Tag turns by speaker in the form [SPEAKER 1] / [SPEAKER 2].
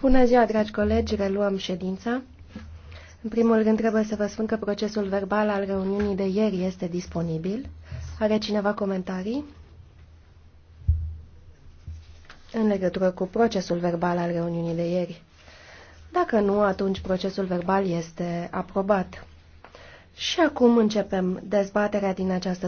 [SPEAKER 1] Bună ziua, dragi colegi, reluăm ședința. În primul rând trebuie să vă spun că procesul verbal al reuniunii de ieri este disponibil. Are cineva comentarii? În legătură cu procesul verbal al reuniunii de ieri. Dacă nu, atunci procesul verbal este aprobat. Și acum
[SPEAKER 2] începem dezbaterea din această